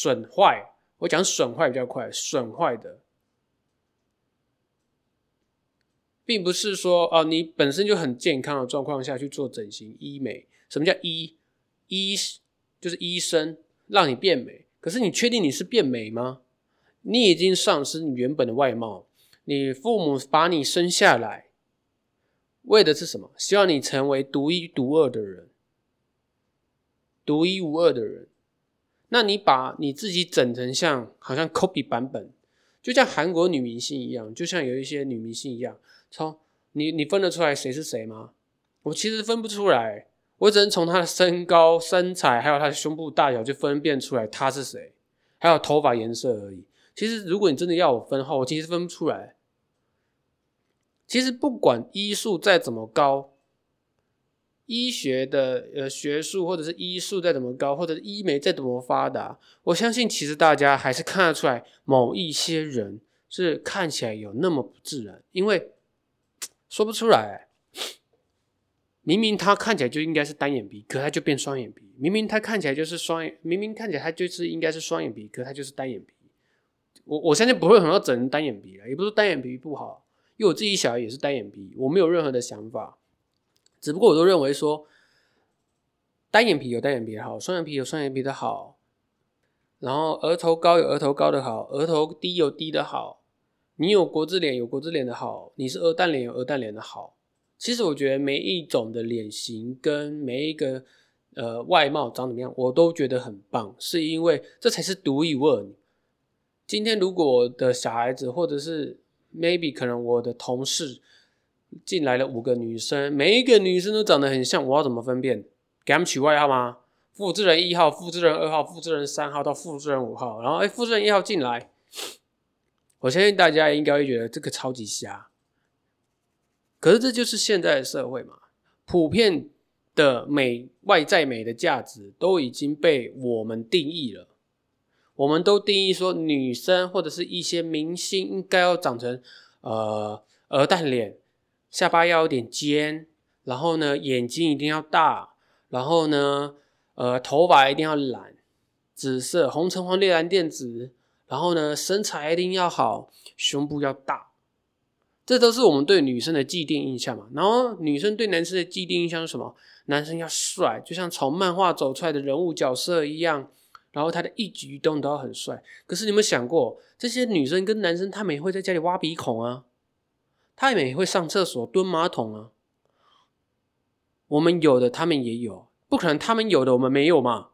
損壞，我講損壞比較快。損壞的，並不是說，哦、啊，你本身就很健康的狀況下去做整形醫美。什麼叫醫？醫，就是醫生讓你變美。可是你確定你是變美嗎？你已經喪失你原本的外貌。你父母把你生下來，為的是什麼？希望你成為獨一獨二的人，獨一無二的人。那你把你自己整成像好像 copy 版本，就像韓國女明星一樣，就像有一些女明星一樣，從，你你分得出來誰是誰嗎？我其實分不出來，我只能從她的身高、身材，還有她的胸部大小就分辨出來她是誰，還有頭髮顏色而已。其實如果你真的要我分的話，我其實分不出來。其實不管醫術再怎麼高。醫學的呃學術或者是醫術再怎麼高，或者是醫美再怎麼發達，我相信其實大家還是看得出來某一些人是看起來有那麼不自然，因為說不出來、欸。明明他看起來就應該是單眼皮，可他就變雙眼皮；明明他看起來就是雙眼，明明看起來他就是應該是雙眼皮，可他就是單眼皮。我我相信不會很多人整單眼皮了，也不是單眼皮不好，因為我自己小孩也是單眼皮，我沒有任何的想法。只不過我都認為說，單眼皮有單眼皮的好，雙眼皮有雙眼皮的好，然後額頭高有額頭高的好，額頭低有低的好，你有國字臉有國字臉的好，你是鵝蛋臉有鵝蛋臉的好。其實我覺得每一種的臉型跟每一個呃外貌長怎麼樣，我都覺得很棒，是因為這才是獨一無二。今天如果我的小孩子，或者是 maybe 可能我的同事。進來了五個女生，每一個女生都長得很像，我要怎麼分辨？給他們取外號嗎？複製人一號、複製人二號、複製人三號到複製人五號，然後哎、欸，複製人一號進來，我相信大家應該會覺得這個超級瞎。可是這就是現在的社會嘛，普遍的美、外在美的價值都已經被我們定義了，我們都定義說女生或者是一些明星應該要長成呃鵝蛋臉。下巴要有點尖，然後呢，眼睛一定要大，然後呢，呃，頭髮一定要染，紫色、紅橙黃綠藍靛紫，然後呢，身材一定要好，胸部要大，這都是我們對女生的既定印象嘛。然後女生對男生的既定印象是什麼？男生要帥，就像從漫畫走出來的人物角色一樣，然後他的一舉一動都要很帥。可是你有沒有想過，這些女生跟男生，他們也會在家裡挖鼻孔啊？他們也會上廁所蹲馬桶啊，我們有的他們也有，不可能他們有的我們沒有嘛。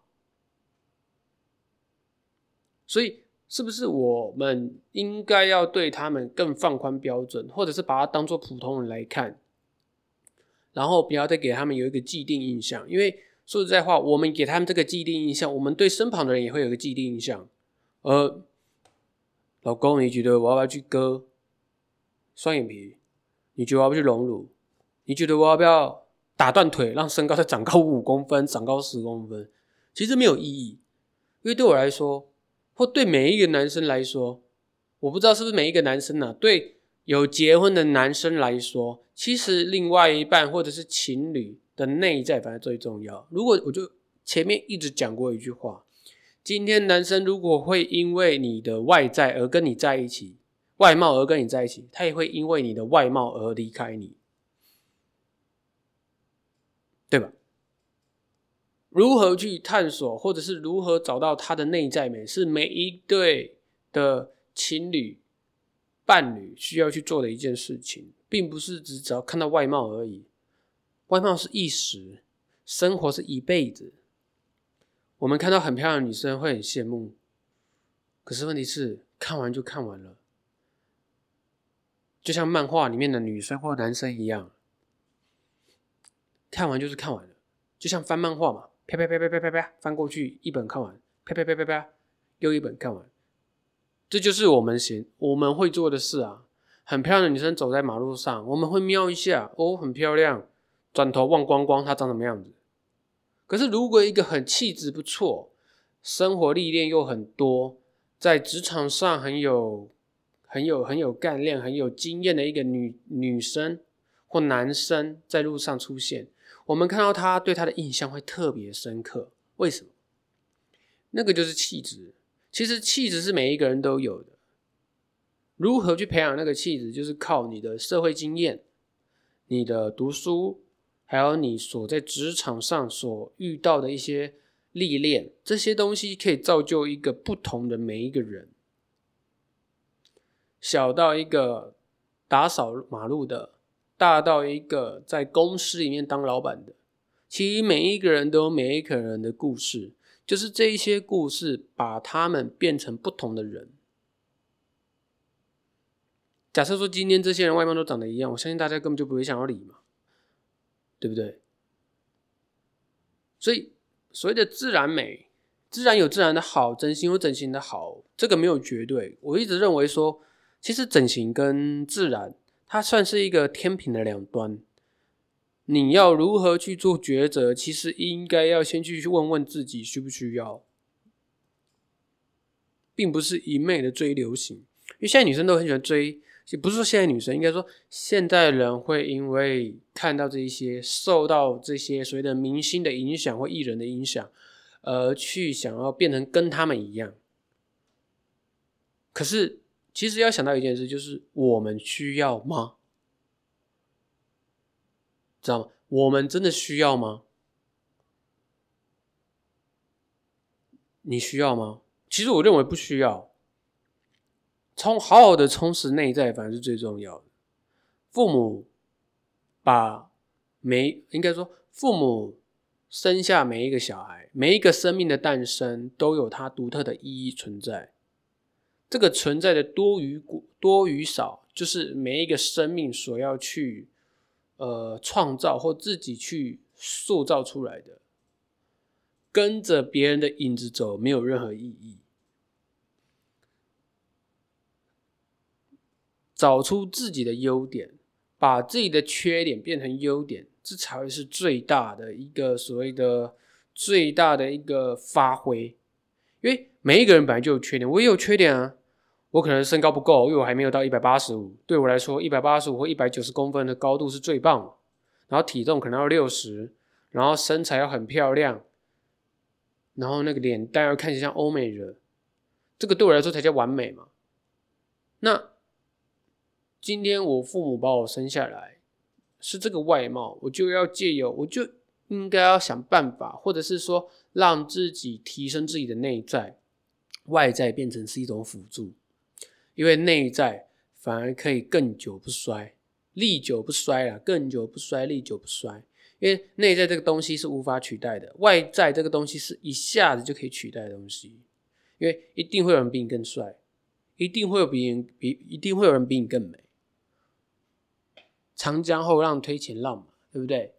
所以是不是我們應該要對他們更放寬標準，或者是把他當做普通人來看，然後不要再給他們有一個既定印象？因為說實在話，我們給他們這個既定印象，我們對身旁的人也會有個既定印象。呃，老公，你覺得我要不要去割？雙眼皮，你覺得我要不要去隆乳？你覺得我要不要打斷腿，讓身高再長高五公分，長高十公分？其實沒有意義，因為對我來說，或對每一個男生來說，我不知道是不是每一個男生啊，對有結婚的男生來說，其實另外一半或者是情侶的內在反正最重要。如果我就前面一直講過一句話，今天男生如果會因為你的外在而跟你在一起。外貌而跟你在一起，他也會因為你的外貌而離開你。對吧？如何去探索，或者是如何找到他的內在美，是每一對的情侶、伴侶需要去做的一件事情，並不是只只要看到外貌而已。外貌是一時，生活是一輩子。我們看到很漂亮的女生會很羨慕，可是問題是，看完就看完了。就像漫畫裡面的女生或男生一樣，看完就是看完了，就像翻漫畫嘛，啪啪啪啪啪啪啪，翻過去一本看完，啪啪啪啪啪，又一本看完，這就是我們行我們會做的事啊。很漂亮的女生走在馬路上，我們會瞄一下，哦，很漂亮，轉頭忘光光她長什麼樣子。可是如果一個很氣質不錯，生活歷練又很多，在職場上很有。很有很有幹練、很有經驗的一個女女生或男生在路上出現，我們看到她對她的印象會特別深刻。為什麼？那個就是氣質。其實氣質是每一個人都有的。如何去培養那個氣質，就是靠你的社會經驗、你的讀書，還有你所在職場上所遇到的一些歷練，這些東西可以造就一個不同的每一個人。小到一個打掃馬路的，大到一個在公司裡面當老板的，其實每一個人都有每一個人的故事，就是這一些故事把他們變成不同的人。假設說今天這些人外貌都長得一樣，我相信大家根本就不會想要理嘛，對不對？所以所謂的自然美，自然有自然的好，整形有整形的好，這個沒有絕對。我一直認為說。其實整形跟自然，它算是一個天平的兩端。你要如何去做抉擇？其實應該要先去問問自己需不需要，並不是一昧的追流行。因為現在女生都很喜歡追，不是說現在女生，應該說現代人會因為看到這一些，受到這些所謂的明星的影響或藝人的影響，而去想要變成跟他們一樣。可是。其實要想到一件事，就是我們需要嗎？知道嗎？我們真的需要嗎？你需要嗎？其實我認為不需要。充，好好的充實內在，反正是最重要的。父母把每，應該說，父母生下每一個小孩，每一個生命的誕生都有它獨特的意義存在。這個存在的多與多與少，就是每一個生命所要去呃創造或自己去塑造出來的。跟着別人的影子走，沒有任何意義。找出自己的優點，把自己的缺點變成優點，這才會是最大的一個所謂的最大的一個發揮。因為每一個人本來就有缺點，我也有缺點啊。我可能身高不夠，因為我還沒有到一百八十五。對我來說，一百八十五或一百九十公分的高度是最棒的。然後體重可能要六十，然後身材要很漂亮，然後那個臉蛋要看起來像歐美人，這個對我來說才叫完美嘛。那今天我父母把我生下來，是這個外貌，我就要借由，我就應該要想辦法，或者是說讓自己提升自己的內在，外在變成是一種輔助。因為內在反而可以更久不衰，歷久不衰啦，更久不衰，歷久不衰。因為內在這個東西是無法取代的，外在這個東西是一下子就可以取代的東西。因為一定會有人比你更帥，一定會有比人比一定會有人比你更美。長江後浪推前浪嘛，對不對？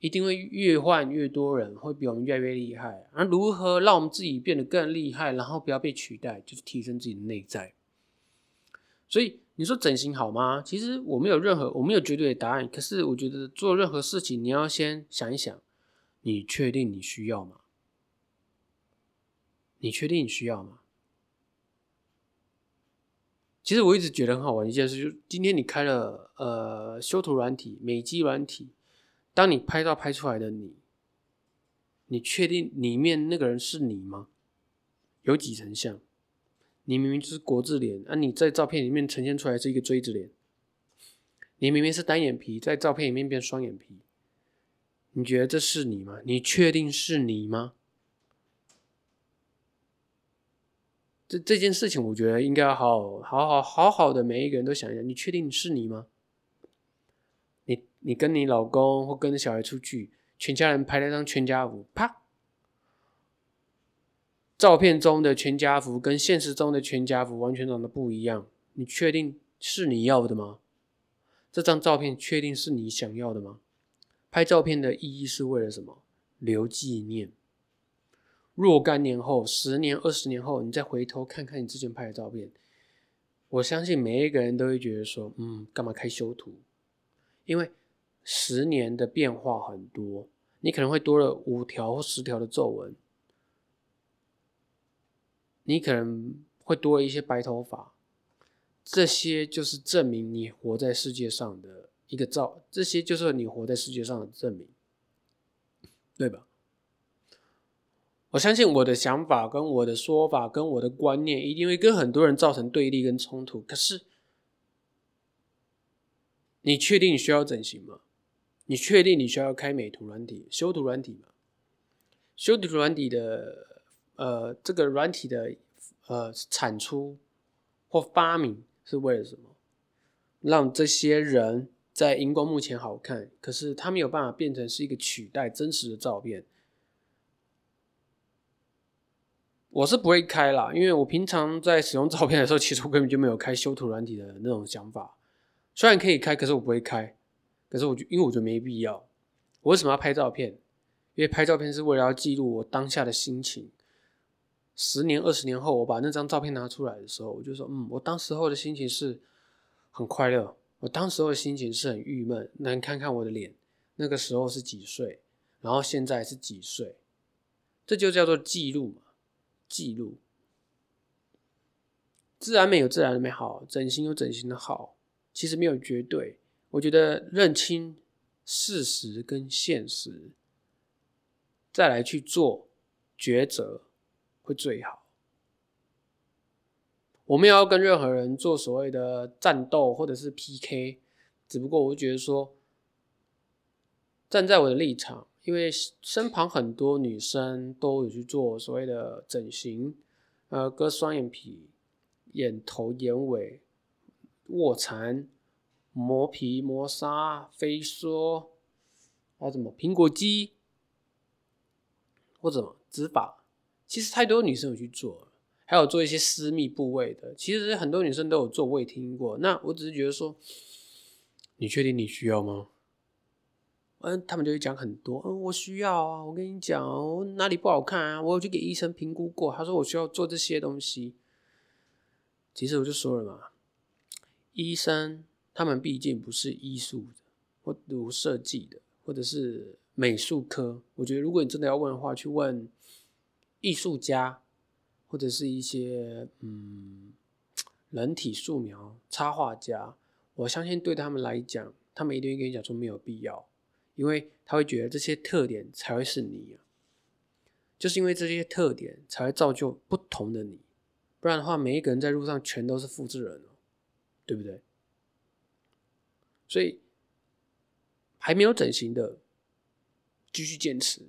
一定會越換越多人會比我們越來越厲害。那、啊、如何讓我們自己變得更厲害，然後不要被取代，就是提升自己的內在。所以你說整形好嗎？其實我沒有任何，我沒有絕對的答案。可是我覺得做任何事情，你要先想一想，你確定你需要嗎？你確定你需要嗎？其實我一直覺得很好玩一件事，就今天你開了呃修圖軟體、美肌軟體，當你拍照拍出來的你，你確定裡面那個人是你嗎？有幾成像？你明明是國字臉，那、啊、你在照片裡面呈現出來是一個錐子臉。你明明是單眼皮，在照片裡面變雙眼皮，你覺得這是你嗎？你確定是你嗎？這這件事情，我覺得應該要好，好好好好的每一個人都想一想，你確定你是你嗎？你你跟你老公或跟小孩出去，全家人拍了一張全家福，啪。照片中的全家福跟現實中的全家福完全長得不一樣，你確定是你要的嗎？這張照片確定是你想要的嗎？拍照片的意義是為了什麼？留紀念。若干年後，十年、二十年後，你再回頭看看你之前拍的照片，我相信每一個人都會覺得說，嗯，幹嘛開修圖？因為十年的變化很多，你可能會多了五條或十條的皺紋。你可能會多一些白頭髮，這些就是證明你活在世界上的一個照。這些就是你活在世界上的證明，對吧？我相信我的想法跟我的說法跟我的觀念一定會跟很多人造成對立跟衝突，可是，你確定你需要整形嗎？你確定你需要開美圖軟體，修圖軟體嗎？修圖軟體的。呃，這個軟體的呃產出或發明是為了什麼？讓這些人在熒光幕前好看，可是他沒有辦法變成是一個取代真實的照片。我是不會開啦，因為我平常在使用照片的時候，其實我根本就沒有開修圖軟體的那種想法。雖然可以開，可是我不會開，可是我就，因為我覺得沒必要。我為什麼要拍照片？因為拍照片是為了要記錄我當下的心情。十年、二十年後，我把那張照片拿出來的時候，我就說：“嗯，我當時候的心情是很快樂，我當時候的心情是很鬱悶。”能看看我的臉，那個時候是幾歲，然後現在是幾歲，這就叫做記錄嘛，記錄。自然美有自然的美好，整形有整形的好，其實沒有絕對。我覺得認清事實跟現實，再來去做抉擇。會最好。我沒有要跟任何人做所謂的戰鬥或者是 PK，只不過我覺得說，站在我的立場，因為身旁很多女生都有去做所謂的整形，呃，割雙眼皮、眼頭、眼尾、臥蠶、磨皮、磨砂、飛梭，還有什麼蘋果肌，或者什麼脂肪。其實太多女生有去做，還有做一些私密部位的。其實很多女生都有做，我也聽過。那我只是覺得說，你確定你需要嗎？嗯，他們就會講很多。嗯，我需要啊，我跟你講，我哪裡不好看啊？我有去給醫生評估過，他說我需要做這些東西。其實我就說了嘛，醫生他們畢竟不是醫術的，或讀設計的，或者是美術科。我覺得如果你真的要問的話，去問。藝術家，或者是一些嗯，人體素描插畫家，我相信對他們來講，他們一定會跟你講說沒有必要，因為他會覺得這些特點才會是你，啊，就是因為這些特點才會造就不同的你，不然的話，每一個人在路上全都是複製人，哦，對不對？所以還沒有整形的，繼續堅持，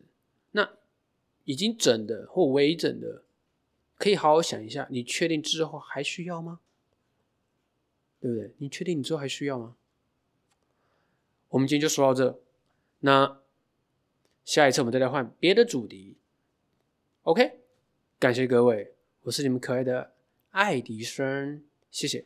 那。已經整的或微整的，可以好好想一下，你確定之後還需要嗎？對不對？你確定你之後還需要嗎？我們今天就說到這，那下一次我們再來換別的主題。OK，感謝各位，我是你們可愛的愛迪生，謝謝。